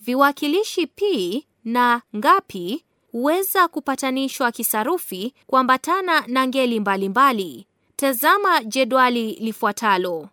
Viwakilishi pi na ngapi huweza kupatanishwa kisarufi kuambatana na ngeli mbalimbali. Tazama jedwali lifuatalo.